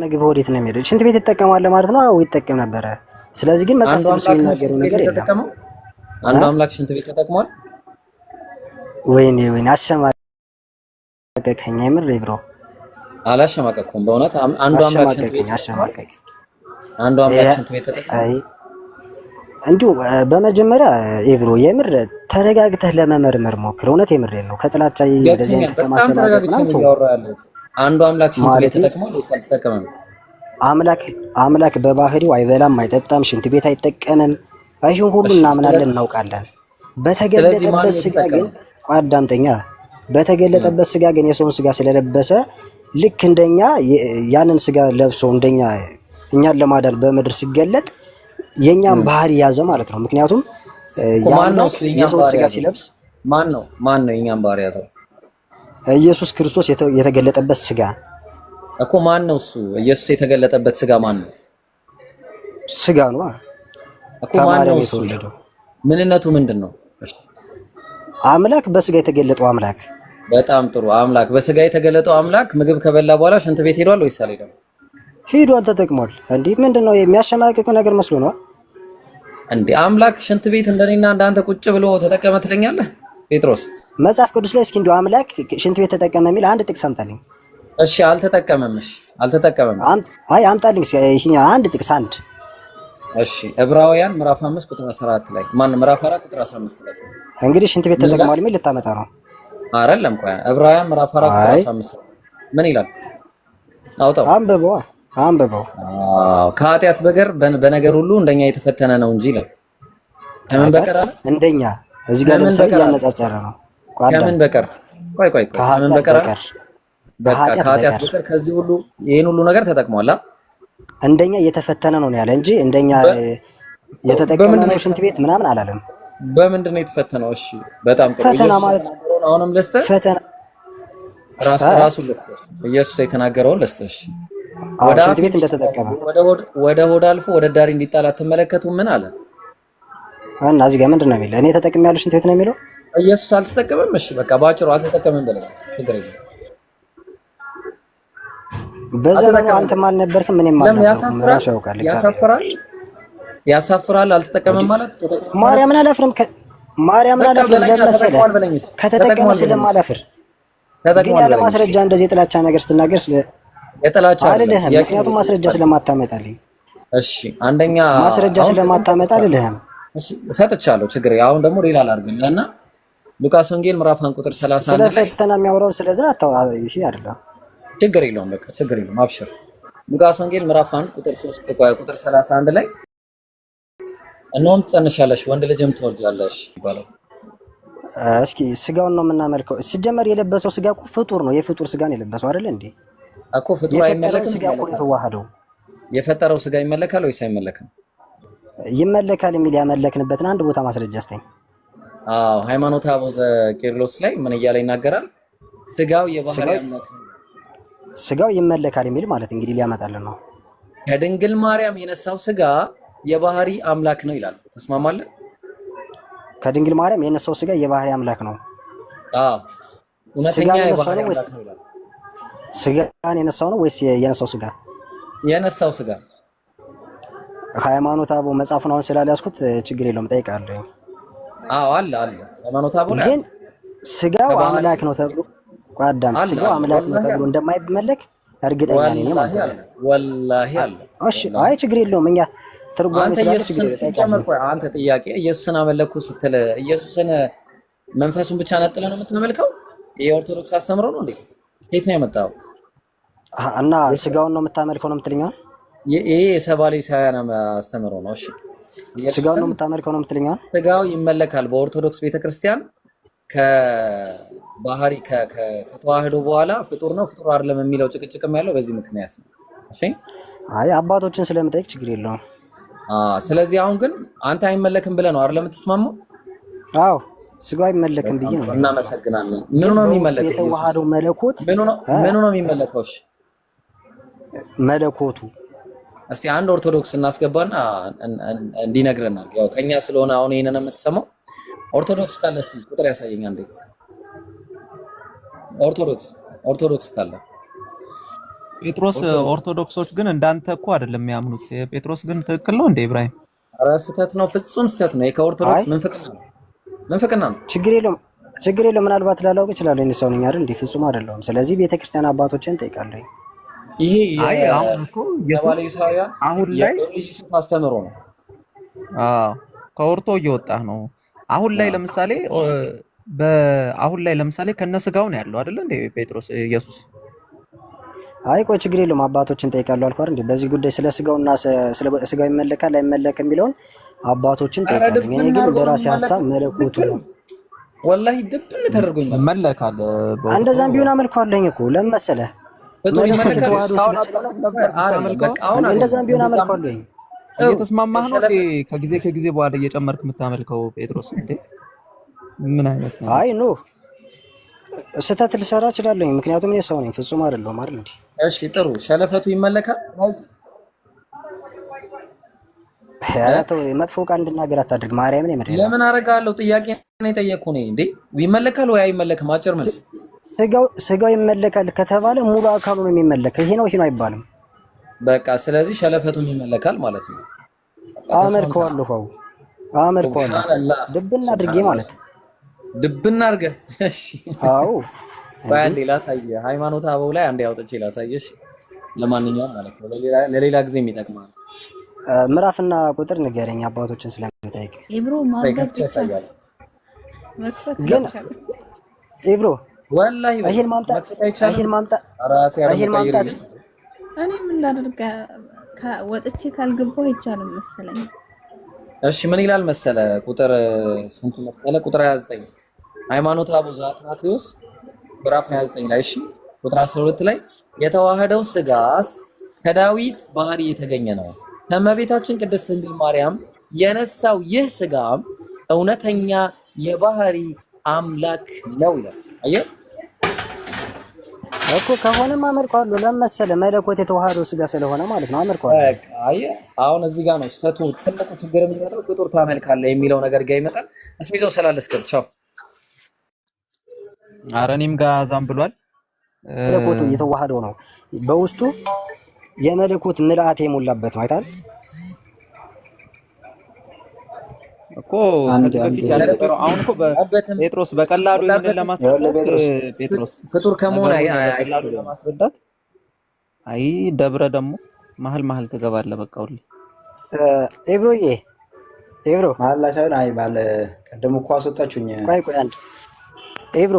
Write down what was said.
ምግብ ወዴት ነው የሚሄደው? ሽንት ቤት ይጠቀማል ማለት ነው? አዎ ይጠቀም ነበረ። ስለዚህ ግን መጽሐፍ ቅዱስ የሚናገረው ነገር የለም። አንዱ አምላክ ሽንት ቤት ተጠቅሟል። ወይኔ ወይኔ አሸማቀቀኝ። አይምር ብሮ አላሸማቀቅኩም። በእውነት አንዱ አምላክ ሽንት ቤት አሸማቀቀኝ። አንዱ አምላክ ሽንት ቤት ተጠቅሟል። እንዲሁ በመጀመሪያ ኤብሮ የምር ተረጋግተህ ለመመርመር ሞክር። እውነት የምሬን ነው። ከጥላቻ እንደዚህ አይነት ተማሰላቀቅ ነው አንዱ አምላክ ሽንት ቤት ተጠቅሟል አምላክ አምላክ በባህሪው አይበላም፣ አይጠጣም፣ ሽንት ቤት አይጠቀምም። ይህን ሁሉ እናምናለን፣ እናውቃለን። በተገለጠበት ስጋ ግን አዳምጠኛ በተገለጠበት ስጋ ግን የሰውን ስጋ ስለለበሰ ልክ እንደኛ ያንን ስጋ ለብሶ እንደኛ እኛን ለማዳን በምድር ሲገለጥ የእኛን ባህሪ ያዘ ማለት ነው። ምክንያቱም የሰውን ስጋ ሲለብስ ማን ነው ማን ነው የእኛን ባህሪ ያዘው? ኢየሱስ ክርስቶስ የተገለጠበት ስጋ እኮ ማን ነው? እሱ ኢየሱስ የተገለጠበት ስጋ ማን ነው? ስጋ ነው እኮ። ማን ነው እሱ? ምንነቱ ምንድን ነው? አምላክ በስጋ የተገለጠው አምላክ። በጣም ጥሩ አምላክ፣ በስጋ የተገለጠው አምላክ ምግብ ከበላ በኋላ ሽንት ቤት ሄዷል ወይስ አልሄደም? ሄዷል፣ ተጠቅሟል። እንዲህ ምንድን ነው የሚያሸማቅቅ ነገር መስሎ ነው እንዴ? አምላክ ሽንት ቤት እንደኔና እንዳንተ ቁጭ ብሎ ተጠቀመ ትለኛለህ ጴጥሮስ? መጽሐፍ ቅዱስ ላይ እስኪ እንደው አምላክ ሽንት ቤት ተጠቀመ የሚል አንድ ጥቅስ አምጣልኝ። እሺ አልተጠቀመም። እሺ አልተጠቀመም። አይ አምጣልኝ ይሄኛ አንድ ጥቅስ አንድ። እሺ ዕብራውያን ምዕራፍ 5 ቁጥር 14 ላይ ማን ምዕራፍ 4 ቁጥር 15 ላይ እንግዲህ ሽንት ቤት ተጠቅሟል የሚል ልታመጣ ነው አይደለም? ቆይ ዕብራውያን ምዕራፍ 4 ቁጥር 15 ምን ይላል? አውጣው፣ አንብበው፣ አንብበው። አዎ ከኃጢአት በቀር በነገር ሁሉ እንደኛ የተፈተነ ነው እንጂ ይላል። ከምን በቀር አለ? እንደኛ። እዚህ ጋር ለምሳሌ እያነጻጸረ ነው ከምን በቀር ቆይ ቆይ ከምን በቀር ከኃጢአት በቀር ከዚህ ሁሉ ይህን ሁሉ ነገር ተጠቅሟል። እንደኛ እየተፈተነ ነው ያለ እንጂ እንደኛ የተጠቀመ ነው ሽንት ቤት ምናምን አላለም። በምንድን ነው የተፈተነው? እሺ በጣም ጥሩ። ፈተና ማለት አሁንም ለስተ ፈተና ራሱ ለስተ ኢየሱስ የተናገረውን ለስተ እሺ ወደ ሽንት ቤት እንደተጠቀመ ወደ ሆድ አልፎ ወደ ዳሪ እንዲጣል አትመለከቱም? ምን አለ እና እዚህ ጋር ምንድን ነው የሚለው? እኔ ተጠቅሜያለሁ ሽንት ቤት ነው የሚለው ኢየሱስ አልተጠቀመም። እሺ በቃ ባጭሩ አልተጠቀመም በለኝ። ችግር የለም። በዘመኑ አንተም አልነበርክም እኔም አልነበርኩም። እራሱ ያውቃል። ያሳፍራል፣ ያሳፍራል። አልተጠቀመም ማለት ማርያምን አላፍርም፣ ማርያምን አላፍርም። ለምን መሰለህ? ከተጠቀመ ስለማላፍር ግን ያለ ማስረጃ እንደዚህ የጥላቻ ነገር ስትናገር ስለ የጥላቻ አልልህም። ምክንያቱም ማስረጃ ስለማታመጣልኝ። እሺ አንደኛ ማስረጃ ስለማታመጣልልህም። እሺ ሰጥቻለሁ። ችግር አሁን ደግሞ ሌላ ላድርግልህ እና ሉቃስ ወንጌል ምዕራፍ አንድ ቁጥር 30 ስለ ፈተና የሚያወራው ስለዛ ተዋዩ ሺ አይደለም። ችግር የለውም በቃ ችግር የለውም አብሽር። ሉቃስ ወንጌል ምዕራፍ አንድ ቁጥር 3 ተቋያ ቁጥር 31 ላይ እነሆም ትጸንሻለሽ ወንድ ልጅም ትወልጃለሽ ይባላል። እስኪ ስጋውን ነው የምናመልከው። ሲጀመር የለበሰው ስጋ እኮ ፍጡር ነው። የፍጡር ስጋ ነው የለበሰው አይደል እንዴ? እኮ ፍጡር አይመለክም። ስጋ እኮ የተዋሃደው የፈጠረው ስጋ ይመለካል ወይስ አይመለክም? ይመለካል የሚል ያመለክንበትን አንድ ቦታ ማስረጃ አስተኝ አዎ ሃይማኖተ አበው ዘቄርሎስ ላይ ምን እያለ ይናገራል? ስጋው የባህሪ አምላክ ስጋው ይመለካል የሚል ማለት እንግዲህ ሊያመጣልን ነው። ከድንግል ማርያም የነሳው ስጋ የባህሪ አምላክ ነው ይላል። ተስማማለህ? ከድንግል ማርያም የነሳው ስጋ የባህሪ አምላክ ነው። አዎ ስጋን የነሳው ነው ወይስ የነሳው ስጋ? የነሳው ስጋ ሃይማኖተ አበው መጽሐፉን አሁን ስላልያዝኩት ችግር የለውም ጠይቃለሁ። አዎ አለ አለ ሃይማኖት አበው ላይ ግን ስጋው አምላክ ነው ተብሎ ቋዳም ስጋው አምላክ ነው ተብሎ እንደማይመለክ እርግጠኛ ነኝ ማለት ነው። ወላሂ አለ። እሺ፣ አይ ችግር የለውም እኛ ትርጓሜ አንተ ጥያቄ ኢየሱስን አመለኩ ስትል ኢየሱስን መንፈሱን ብቻ ነጥለ ነው የምትመልከው? የኦርቶዶክስ አስተምሮ ነው እንዴ? የት ነው ያመጣው? እና ስጋውን ነው የምታመልከው ነው የምትልኛው? ይሄ የሰባሌ ሳያን አስተምሮ ነው። እሺ ስጋው ነው የምታመልከው ነው የምትለኝ? ስጋው ይመለካል በኦርቶዶክስ ቤተክርስቲያን ከባህሪ ከተዋህዶ በኋላ ፍጡር ነው ፍጡር አይደለም የሚለው ጭቅጭቅም ያለው በዚህ ምክንያት ነው። እሺ አይ አባቶችን ስለምጠይቅ ችግር የለውም። ስለዚህ አሁን ግን አንተ አይመለክም ብለህ ነው አይደል የምትስማማው? አዎ ስጋው አይመለክም ብዬ ነው። እናመሰግናለን። ምኑ ነው የሚመለከው? የተዋህዶ መለኮት ምኑ ነው የሚመለከው? መለኮቱ እስቲ አንድ ኦርቶዶክስ እናስገባና እንዲነግረናል። ያው ከኛ ስለሆነ አሁን ይሄንን የምትሰማው ኦርቶዶክስ ካለ እስቲ ቁጥር ያሳየኝ አንዴ። ኦርቶዶክስ ኦርቶዶክስ ካለ ጴጥሮስ። ኦርቶዶክሶች ግን እንዳንተ እኮ አይደለም የሚያምኑት። ጴጥሮስ ግን ትክክል ነው እንዴ ኢብራሂም። ኧረ ስህተት ነው፣ ፍጹም ስህተት ነው። ከኦርቶዶክስ ምንፍቅና ነው፣ ምንፍቅና ነው። ችግር የለውም፣ ችግር የለውም። ምናልባት ላላውቅ እችላለሁ። እኔ ሰው ነኝ አይደል? እንደ ፍጹም አይደለሁም። ስለዚህ ቤተክርስቲያን አባቶችን ጠይቃለሁ። ይሄ አሁን ላይ አስተምሮ ነው ከወርቶ እየወጣህ ነው። አሁን ላይ ለምሳሌ በአሁን ላይ ለምሳሌ ከነ ስጋው ነው ያለው አይደለ እንዴ ጴጥሮስ ኢየሱስ። አይ ቆይ ችግር የለውም አባቶችን ጠይቃለሁ አልኩ አይደል። በዚህ ጉዳይ ስለ ስጋውና ስለ ስጋው ይመለካል አይመለክ የሚለውን አባቶችን ጠይቃለሁ። እኔ ግን በራሴ ሀሳብ መለኮቱ ነው ወላሂ ድብን ተደርጎኛል። መለካል እንደዛም ቢሆን አመልከዋለሁኝ እኮ ለምን መሰለህ እንደዛም ቢሆን እየተስማማህ ነው ከጊዜ ከጊዜ በኋላ እየጨመርክ የምታመልከው ጴጥሮስ እንዴ ምን አይነት ነው? አይ ኖ ስህተት ልሰራ እችላለሁ፣ ምክንያቱም እኔ ሰው ነኝ፣ ፍጹም አይደለሁም አይደል እንዴ? እሺ ጥሩ። ሸለፈቱ ይመለካል። መጥፎ ቃል እንድናገር አታድርግ። ማርያምን ለምን አደርጋለሁ? ጥያቄ ነው የጠየቅኩህ እንዴ ይመለካል ወይ አይመለክም? አጭር መልስ ስጋው ይመለካል ከተባለ ሙሉ አካሉ ነው የሚመለከው። ይሄ ነው ይሄ ነው አይባልም። በቃ ስለዚህ ሸለፈቱም ይመለካል ማለት ነው። አመልከዋለሁ። አዎ አመልከዋለሁ። ድብና አድርጌ ማለት ድብና አድርገ። እሺ፣ አዎ። አንዴ ላሳየህ፣ ሃይማኖት አበው ላይ አንዴ አውጥቼ ላሳየሽ። ለማንኛውም ማለት ነው ለሌላ ለሌላ ጊዜ የሚጠቅማል። ምዕራፍና ቁጥር ንገረኝ፣ አባቶችን ስለምጠይቅ ኢብሮ ማንገብ ግን ኢብሮ ወላሂ ይሄን ማምጣት እኔ ምን ላድርግ? ወጥቼ ካልገባሁ አይቻልም መሰለኝ። እሺ ምን ይላል መሰለ ቁጥር ስንት መሰለ? ቁጥር 29 ሃይማኖት አቡ ዘአትናቴዎስ ምዕራፍ 29 ላይ እሺ፣ ቁጥር 12 ላይ የተዋህደው ስጋስ ከዳዊት ባህሪ የተገኘ ነው። ከእመቤታችን ቅድስት ድንግል ማርያም የነሳው ይህ ስጋም እውነተኛ የባህሪ አምላክ ነው ይላል። አየህ እኮ ከሆነም አመልከዋለሁ። ለምን መሰለህ መለኮት የተዋህዶ ስጋ ስለሆነ ማለት ነው። አመልከዋለሁ። አየህ፣ አሁን እዚህ ጋር ነው ስህተቱ። ትልቁ ችግር የሚመጣው ፍጡር ታመልካለህ የሚለው ነገር ጋር ይመጣል። እስሚዘው ስላለስከል ቻው። ኧረ እኔም ጋር አዛም ብሏል። መለኮቱ የተዋህዶ ነው። በውስጡ የመለኮት ምልአት የሞላበት ማለት አይደል እኮ አሁን እኮ ጴጥሮስ በቀላሉ ይህንን ለማስረዳት ጴጥሮስ ፍጡር ከመሆን በቀላሉ ለማስረዳት አይ ደብረ ደግሞ መሀል መሀል ትገባለህ። በቃ ሁሌ ኤብሮዬ ኤብሮ መሀል ላይ ሳይሆን አይ ባለ ቀደም እኮ አስወጣችሁኝ። ቆይ ቆይ አንድ ኤብሮ